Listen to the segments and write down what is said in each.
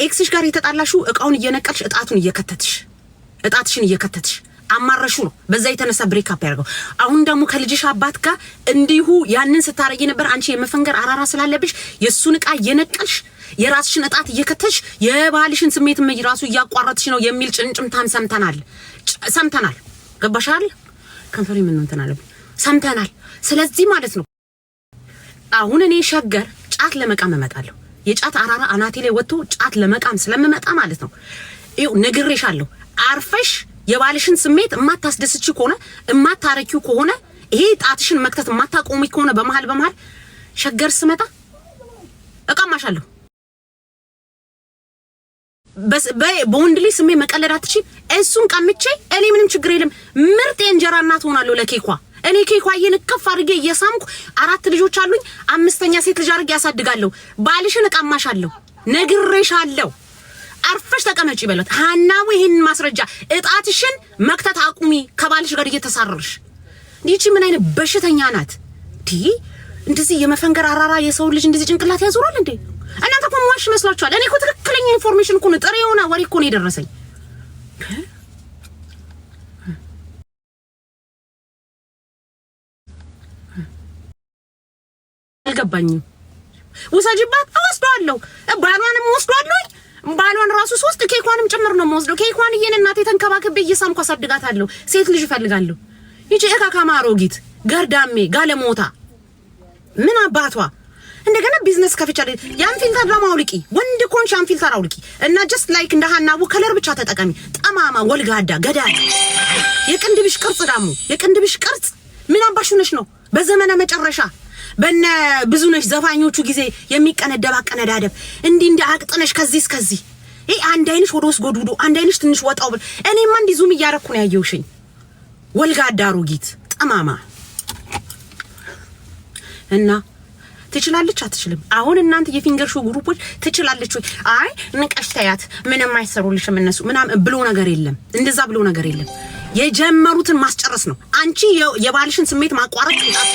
ከኤክስሽ ጋር የተጣላሹ እቃውን እየነቀልሽ እጣቱን እየከተትሽ እጣትሽን እየከተትሽ አማረሹ ነው። በዛ የተነሳ ብሬክአፕ ያደርገው። አሁን ደግሞ ከልጅሽ አባት ጋር እንዲሁ ያንን ስታረጊ ነበር። አንቺ የመፈንገር አራራ ስላለብሽ የእሱን እቃ እየነቀልሽ የራስሽን እጣት እየከተሽ የባህልሽን ስሜት ራሱ እያቋረጥሽ ነው የሚል ጭንጭምታን ሰምተናል ሰምተናል። ገባሻል? ከንፈሪ ምን እንትን አለብኝ ሰምተናል። ስለዚህ ማለት ነው አሁን እኔ ሸገር ጫት ለመቃም እመጣለሁ። የጫት አራራ አናቴ ላይ ወጥቶ ጫት ለመቃም ስለምመጣ ማለት ነው። ይኸው ነግሬሻለሁ። አርፈሽ የባልሽን ስሜት እማታስደስች ከሆነ እማታረኪው ከሆነ ይሄ ጣትሽን መክተት እማታቆሚ ከሆነ በመሀል በመሀል ሸገር ስመጣ እቀማሻለሁ። በወንድ ልጅ ስሜት መቀለድ አትችይም። እሱን ቀምቼ እኔ ምንም ችግር የለም ምርጥ የእንጀራ እናት ሆናለሁ ለኬኳ እኔ ኬኳዬን እከፍ አድርጌ እየሳምኩ አራት ልጆች አሉኝ። አምስተኛ ሴት ልጅ አድርጌ ያሳድጋለሁ። ባልሽን እቀማሻለሁ፣ ነግሬሻለሁ። አርፈሽ ተቀመጪ በለት። ሀናዊ ይህን ማስረጃ እጣትሽን መክተት አቁሚ፣ ከባልሽ ጋር እየተሳረርሽ። ይቺ ምን አይነት በሽተኛ ናት? ዲ እንደዚህ የመፈንገር አራራ የሰው ልጅ እንደዚህ ጭንቅላት ያዞራል እንዴ? እናንተ እኮ ሟሽ ይመስላችኋል። እኔ እኮ ትክክለኛ ኢንፎርሜሽን እኮ ነው፣ ጥሬ የሆነ ወሬ እኮ ነው የደረሰኝ። አልገባኝም። ውሰጅባት እወስዷለሁ፣ ባሏንም እወስዷለሁ። ባሏን ራሱ ሶስት ኬኳንም ጭምር ነው የምወስደው። ኬኳን እየን እናቴ ተንከባክቤ እየሳምኩ አሳድጋታለሁ። ሴት ልጅ እፈልጋለሁ። ይቺ እካካማ አሮጊት ገርዳሜ ጋለሞታ ምን አባቷ እንደገና ቢዝነስ ከፍቻለሁ። ያን ፊልተር ደግሞ አውልቂ፣ ወንድ ኮንሽ ያን ፊልተር አውልቂ እና ጀስት ላይክ እንደ ሀናቡ ከለር ብቻ ተጠቀሚ። ጠማማ ወልጋዳ ገዳ የቅንድብሽ ቅርጽ ደግሞ የቅንድብሽ ቅርጽ ምን አባሽ ነሽ ነው በዘመነ መጨረሻ በነ ብዙ ነሽ ዘፋኞቹ ጊዜ የሚቀነደብ አቀነዳደብ እንዲህ እንደ አቅጥነሽ ከዚህ እስከዚህ ይሄ አንድ አይንሽ ወደ ውስጥ ጎድጉዶ አንድ አይንሽ ትንሽ ወጣው ብል እኔማ እንዲህ ዙም እያረኩ ነው ያየውሽኝ። ወልጋ አዳሩ ጊት ጠማማ እና ትችላለች አትችልም? አሁን እናንተ የፊንገር ሾው ግሩፖች ትችላለች ወይ አይ ንቀሽ ተያት ምንም አይሰሩልሽም እነሱ ምናምን ብሎ ነገር የለም። እንደዛ ብሎ ነገር የለም። የጀመሩትን ማስጨረስ ነው። አንቺ የባልሽን ስሜት ማቋረጥ ጣት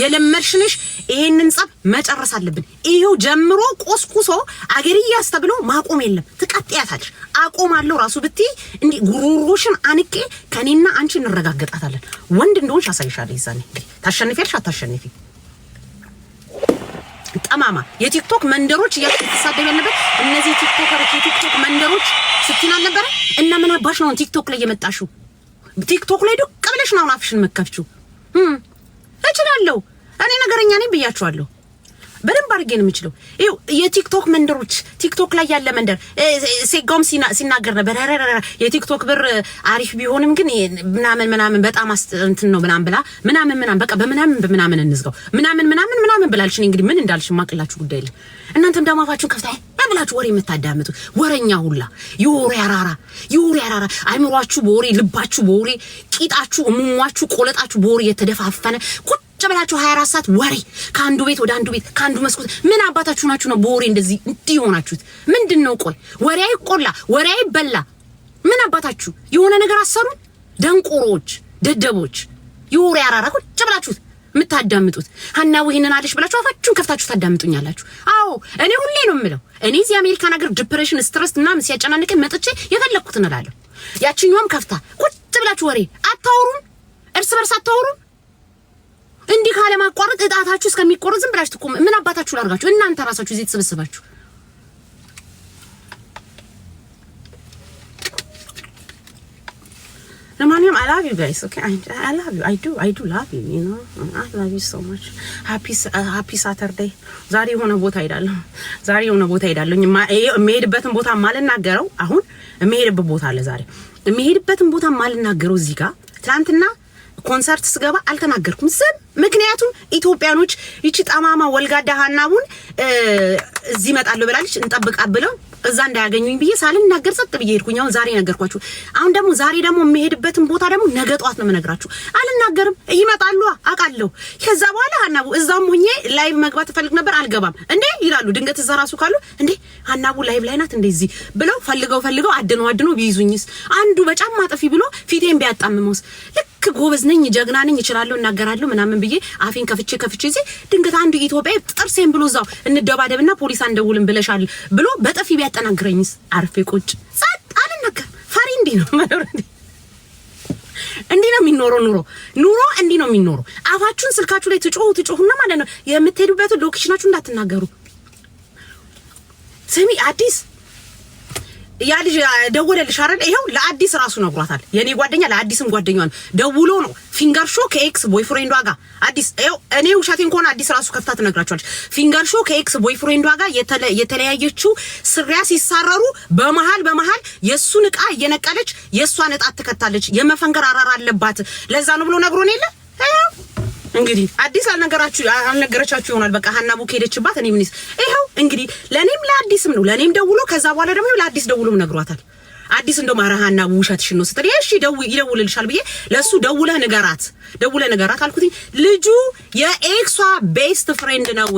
የለመድሽንሽ ይሄንን ጸብ መጨረስ አለብን። ይሄው ጀምሮ ቆስቁሶ አገርያስ ተብሎ ማቆም የለም። ትቀጥያታለሽ። አቆማለሁ ራሱ ብትይ እንዲህ ጉሮሮሽን አንቄ ከኔና አንቺ እንረጋገጣታለን። ወንድ እንደሆንሽ አሳይሻለሁ። ይዛኔ ታሸንፊያለሽ አታሸንፊ ጠማማ የቲክቶክ መንደሮች እያልኩ ተሳደብ ያለበት እነዚህ ቲክቶከሮች የቲክቶክ መንደሮች ስትል አልነበረ እና ምን አባሽ ነው ቲክቶክ ላይ የመጣሽው? ቲክቶክ ላይ ዱቅ ብለሽ ነው አፍሽን መከፍችው። እችላለሁ እኔ ነገረኛ ነኝ ብያችኋለሁ። በደንብ አድርጌ ነው የምችለው። ይኸው የቲክቶክ መንደሮች ቲክቶክ ላይ ያለ መንደር ሴጋውም ሲናገር ነበር። የቲክቶክ ብር አሪፍ ቢሆንም ግን ምናምን ምናምን በጣም አስጥንትን ነው ምናምን ብላ ምናምን ምናምን በቃ በምናምን በምናምን እንዝጋው ምናምን ምናምን ምናምን ብላልሽ። እንግዲህ ምን እንዳልሽ ማቅላችሁ ጉዳይ የለም። እናንተም ደግሞ አፋችሁን ከፍታ ብላችሁ ወሬ የምታዳምጡ ወረኛ ሁላ የወሬ አራራ የወሬ አራራ አይምሯችሁ በወሬ ልባችሁ በወሬ ቂጣችሁ ሙሟችሁ ቆለጣችሁ በወሬ የተደፋፈነ ቁጭ ብላችሁ 24 ሰዓት ወሬ ከአንዱ ቤት ወደ አንዱ ቤት ከአንዱ መስኮት ምን አባታችሁ ናችሁ ነው? በወሬ እንደዚህ እንዲህ የሆናችሁት ምንድን ነው? ቆይ ወሬ አይቆላ ወሬ አይበላ። ምን አባታችሁ የሆነ ነገር አሰሩ ደንቆሮች ደደቦች፣ የወሬ አራራ ቁጭ ብላችሁት የምታዳምጡት ሀናው ይሄንን አለሽ ብላችሁ አፋችሁን ከፍታችሁ ታዳምጡኛላችሁ። አዎ እኔ ሁሌ ነው የምለው። እኔ እዚህ አሜሪካን ሀገር ዲፕሬሽን፣ ስትረስ ምናምን ሲያጨናንቀኝ መጥቼ የፈለግኩትን እላለሁ። ያችኛዋም ከፍታ ቁጭ ብላችሁ ወሬ አታወሩም፣ እርስ በርስ አታወሩም። እንዲህ ካለማቋረጥ እጣታችሁ እስከሚቆረጥ ዝም ብላችሁ ትቆም። ምን አባታችሁ ላርጋችሁ? እናንተ ራሳችሁ እዚህ ተሰብስባችሁ ለማንኛውም አይ ላቭ ዩ ጋይስ ኦኬ አይ ላቭ ዩ አይ ዱ አይ ዱ ላቭ ዩ ዩ ኖ አይ ላቭ ዩ ሶ ማች ሃፒ ሃፒ ሳተርዴይ። ዛሬ የሆነ ቦታ ሄዳለሁ። ዛሬ የሆነ ቦታ ሄዳለሁ። የምሄድበትን ቦታ ማልናገረው አሁን የምሄድበት ቦታ አለ። ዛሬ የምሄድበትን ቦታ ማልናገረው እዚህ ጋር ትናንትና ኮንሰርት ስገባ አልተናገርኩም ዝም። ምክንያቱም ኢትዮጵያኖች ይቺ ጠማማ ወልጋዳ ሀናቡን እዚህ እመጣለሁ ብላለች እንጠብቃ ብለው እዛ እንዳያገኙኝ ብዬ ሳልናገር ጸጥ ብዬ ሄድኩኝ። አሁን ዛሬ ነገርኳችሁ። አሁን ደግሞ ዛሬ ደግሞ የምሄድበትን ቦታ ደግሞ ነገ ጠዋት ነው የምነግራችሁ። አልናገርም፣ ይመጣሉ አውቃለሁ። ከዛ በኋላ ሀናቡ እዛም ሆኜ ላይቭ መግባት እፈልግ ነበር አልገባም እንዴ ይላሉ። ድንገት እዛ ራሱ ካሉ እንዴ ሀናቡ ላይቭ ላይ ናት እንደዚህ ብለው ፈልገው ፈልገው አድነው አድነው ቢይዙኝስ አንዱ በጫማ ጥፊ ብሎ ፊቴን ቢያጣምመውስ ልክ ጎበዝ ነኝ፣ ጀግና ነኝ፣ እችላለሁ፣ እናገራለሁ ምናምን ብዬ አፌን ከፍቼ ከፍቼ እዚህ ድንገት አንዱ ኢትዮጵያ ጥርሴን ብሎ እዛው እንደባደብና ፖሊስ አንደውልም ብለሻል ብሎ በጥፊ ቢያጠናግረኝ አርፌ ቁጭ ጸጥ አልናገር። ፈሪ እንዲህ ነው መኖር እንዲህ ነው የሚኖረው ኑሮ ኑሮ እንዲህ ነው የሚኖረው። አፋችሁን ስልካችሁ ላይ ትጮሁ ትጮሁና ማለት ነው የምትሄዱበት ሎኬሽናችሁ እንዳትናገሩ። ስሚ አዲስ ያ ልጅ ደወለልሽ አይደል? ይኸው ለአዲስ ራሱ ነግሯታል። የኔ ጓደኛ ለአዲስም ጓደኛዋን ደውሎ ነው ፊንገር ሾ ከኤክስ ቦይፍሬንዷ ጋር አዲስ። ይኸው እኔ ውሸቴን ከሆነ አዲስ ራሱ ከፍታ ትነግራቸዋለች። ፊንገር ሾ ከኤክስ ቦይፍሬንዷ ጋር የተለያየችው ስሪያ ሲሳረሩ በመሃል በመሃል የእሱን እቃ እየነቀለች የእሷን እጣት ትከታለች። የመፈንገር አራራ አለባት። ለዛ ነው ብሎ ነግሮን የለ እንግዲህ አዲስ አልነገራችሁ አልነገረቻችሁ ይሆናል። በቃ ሀና ቡክ ሄደችባት። እኔ ምንስ ይኸው እንግዲህ ለእኔም ለአዲስም ነው ለእኔም ደውሎ ከዛ በኋላ ደግሞ ለአዲስ ደውሎም ነግሯታል። አዲስ እንደው ማራሃና ውሸትሽን ነው ስትል እሺ ደው ይደውልልሻል ብዬ ለሱ ደውለ ንገራት ደውለ ንገራት አልኩት። ልጁ የኤክሷ ቤስት ፍሬንድ ነው።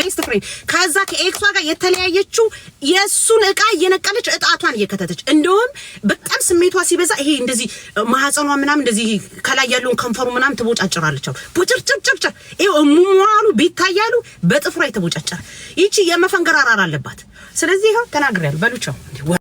ቤስት ፍሬንድ ከዛ ከኤክሷ ጋር የተለያየችው የሱን እቃ እየነቀለች እጣቷን እየከተተች እንደውም በጣም ስሜቷ ሲበዛ ይሄ እንደዚህ ማህፀኗ ምናምን እንደዚህ ከላይ ያለውን ከንፈሩ ምናምን ትቦጫጭራለች። ቡጭርጭርጭርጭር ይሄ ሙሙራሉ ቢታያሉ በጥፍሯ የተቦጫጨረ ይቺ የመፈንገራራር አለባት። ስለዚህ ይሄው ተናግሬያለሁ በሉቻው